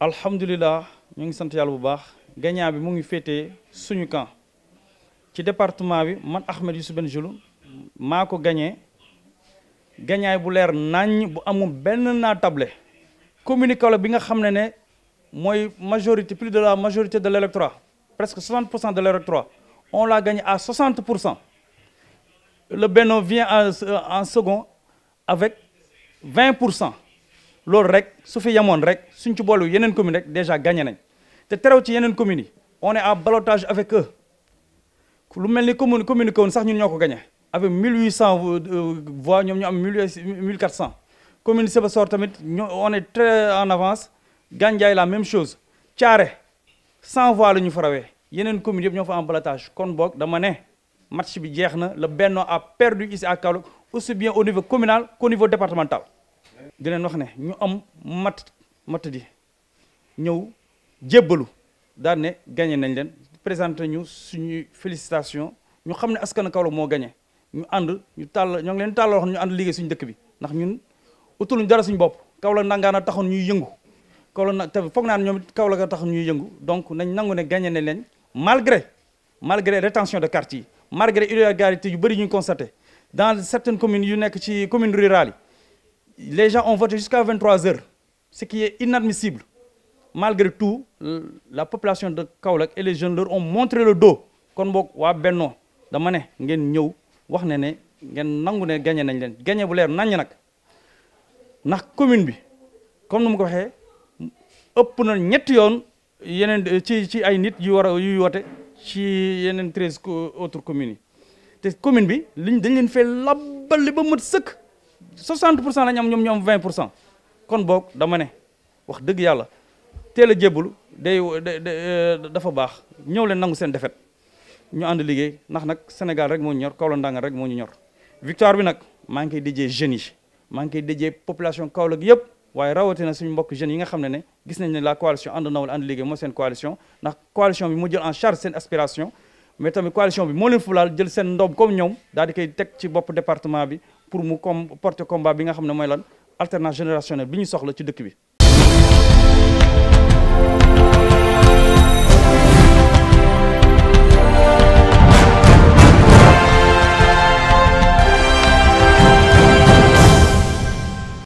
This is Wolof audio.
alhamdulilah ñu ngi sant yàlla bu baax gagnant bi mu ngi féetee suñu camp ci département bi man Ahmed Youssouf Bengelloune maa ko gagné gañaay bu leer nañ bu amul benn naa table communiqué la bi nga xam ne ne mooy majorité plus de la majorité de l' électorat presque 60 pour cent de l' électorat on l'a gagné à 60 pour cent le Benno vient en euh, second avec 20 pour cent loolu rek su fi yemoon rek suñ ci boolu yeneen commune rek déjà gagné nañ te terew ci yeneen communes yi on est en ballottage avec eux lu mel ni commune commune Kahone sax ñu ñoo ko gagné avec 1800 euh, voix ñoom ñu am 1400 commune Sibassor tamit ñoo on est très en avance Gandiaye la même chose Thiaré 100 voix la ñu fa yeneen communes yëpp ñoo fa en ballottage kon boog dama ne match bi jeex na le Benno a perdu ici à Kaolack aussi bien au niveau communal qu'au niveau di wax ne ñu am mat mat di ñëw jébbalu daan ne gagné nañ leen présenté ñu suñuy félicitation ñu xam ne askan Kaolack moo gagné ñu ànd ñu tàll ñoo ngi leen tàllal wax ñu ànd liggéey suñu dëkk bi ndax ñun utuluñ dara suñu bopp Kaolack a taxoon ñuy yëngu Kaolack nag te foog naa ne ñoom Kaolack a taxu ñuy yëngu donc nañ nangu ne gagné ne leen malgré malgré rétention de quartier yi malgré irrégularité yu bëri ñu constaté dans certaines communes yu nekk ci commune rurale yi les gens ont voté jusqu'à 23 heures, ce qui est inadmissible. Malgré tout, la population de Kaolack et les jeunes leur ont montré le dos. kon boog waa Benno dama ne ngeen ñëw wax ne ne ngeen nangu ne gagné nañ leen gagné bu leer nañ nag ndax commune bi comme nu mu ko waxee ëpp na ñetti yoon yeneen ci ci ay nit yu war a woote ci yeneen treize autres communes yi te commune bi liñ dañ leen fee labbali ba mët sëkk. 60 pour cent la ñu ñoom ñu pour cent kon boog dama ne wax dëgg yàlla teel a jébbalu day euh, dafa baax ñëw leen nangu seen defet ñu ànd liggéey ndax nag Sénégal rek moo ñu ñor Kaolack ndàngal rek moo ñu ñor victoire bi nag maa ngi koy déjee jeunes yi maa ngi koy déjee population Kaolack yëpp waaye rawatina suñu mbokk jeunes yi nga xam ne ne gis nañ ne la coalition ànd nawal ànd liggéey moo seen coalition ndax coalition bi moo jël en charge seen aspiration mais tamit coalition bi moo leen fulaal jël seen ndoom comme ñoom daal di koy ci bopp département bi pour mu comme porter combat bi nga xam ne mooy lan alternance générationnelle bi ñu soxla ci dëkk bi